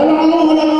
قال علمنا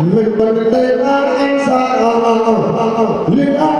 من بدل الإنسان لله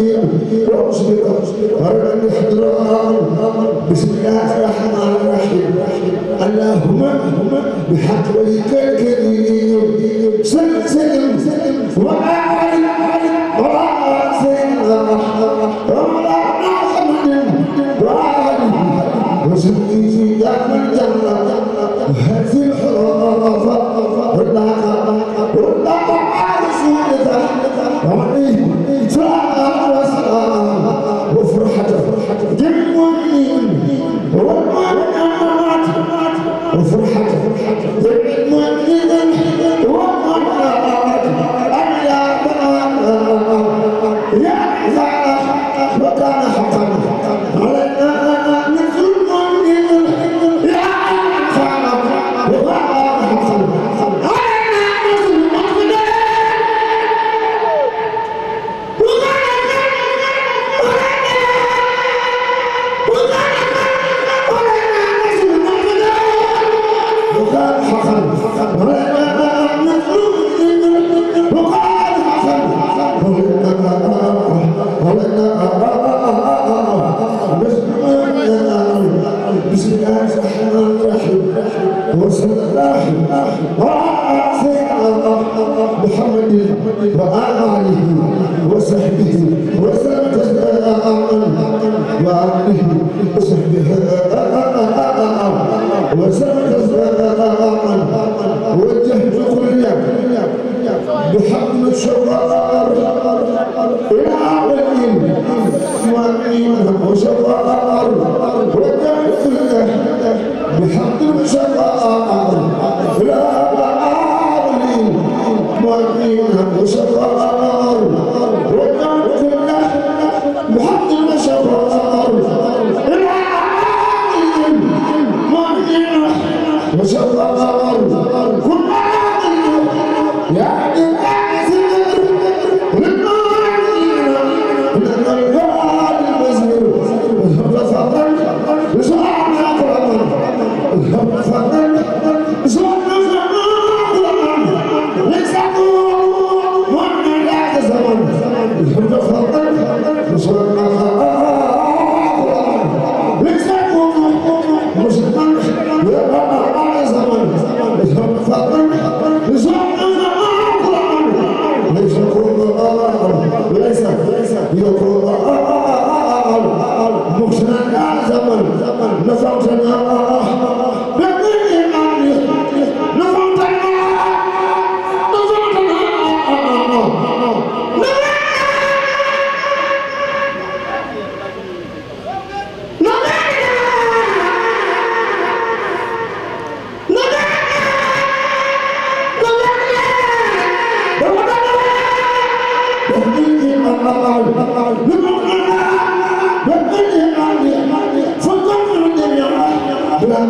الحكيم واصبر على الاحترام بسم الله الرحمن الرحيم اللهم بحق وجهك الكريم سلم سلم وعلى Deus Sing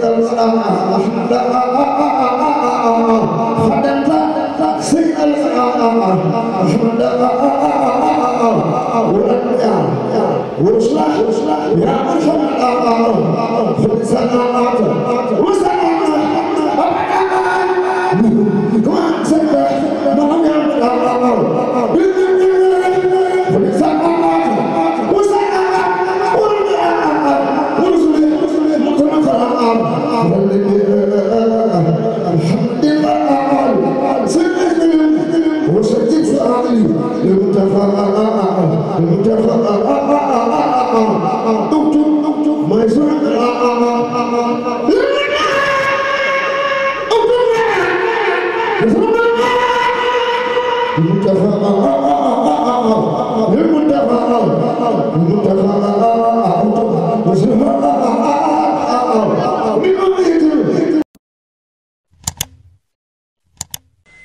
the سماعات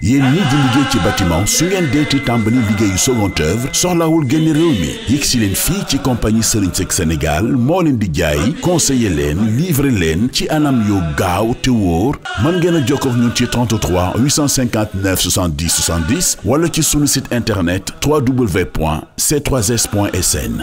yéen ñii di liggéey ci bâtiment su ngeen deeti tàmbali liggéeyu second œuvre soxlawul génn réew mi yegg si leen fii ci compagnie Serigne Seck Sénégal moo leen di jaay conseiller leen livrer leen ci anam yoo gaaw te wóor mën ngeen a jokkoo ak ñun ci 33 859 70 70 wala ci sunu site internet www.c3s.sn